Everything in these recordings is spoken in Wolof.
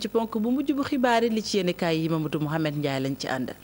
ci ponk bu mujj bu xibaari li ci yéenekaay yi Mamadou Mouhamed Ndiaye lañ ci àndal.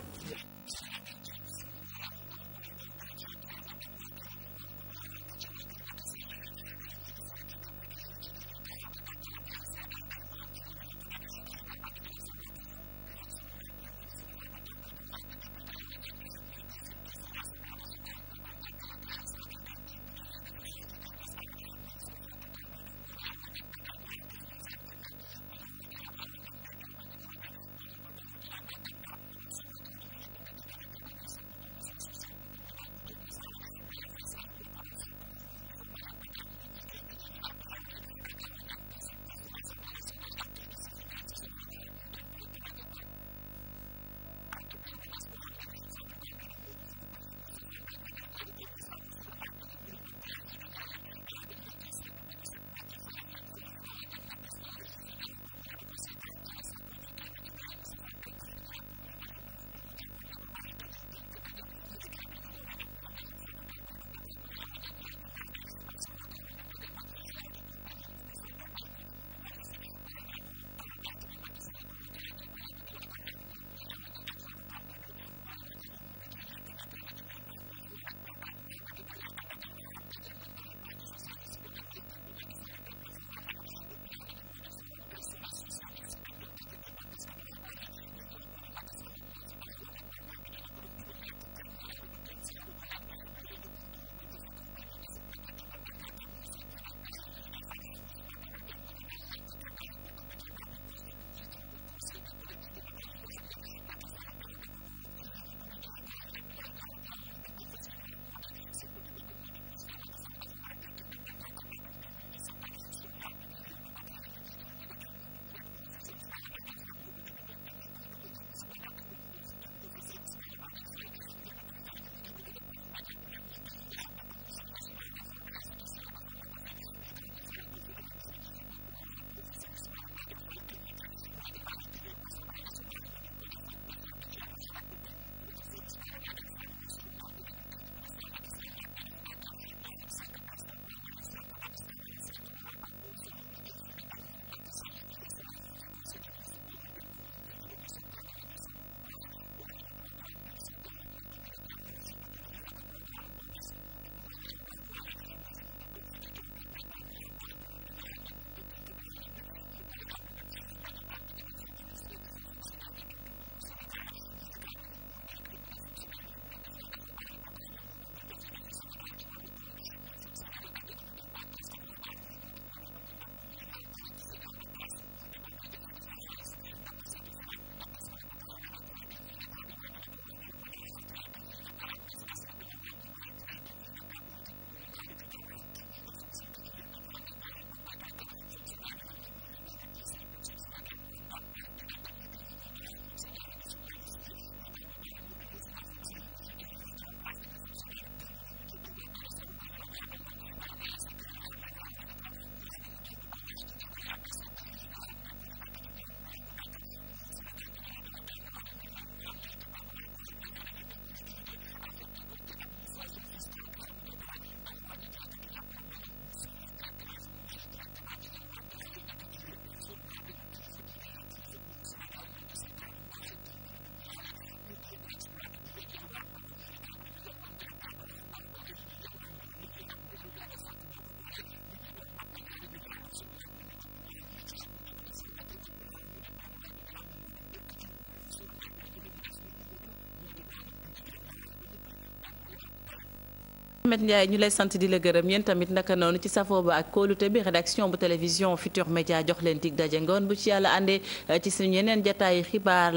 Mouhamed Ndiaye ñu lay sant di la gërëm yéen tamit naka ci safoo ba ak kóolute bi rédaction bu télévision Futur Média jox leen dig daje ngoon bu ci yàlla àndee ci suñu yeneen jataayu xibaar la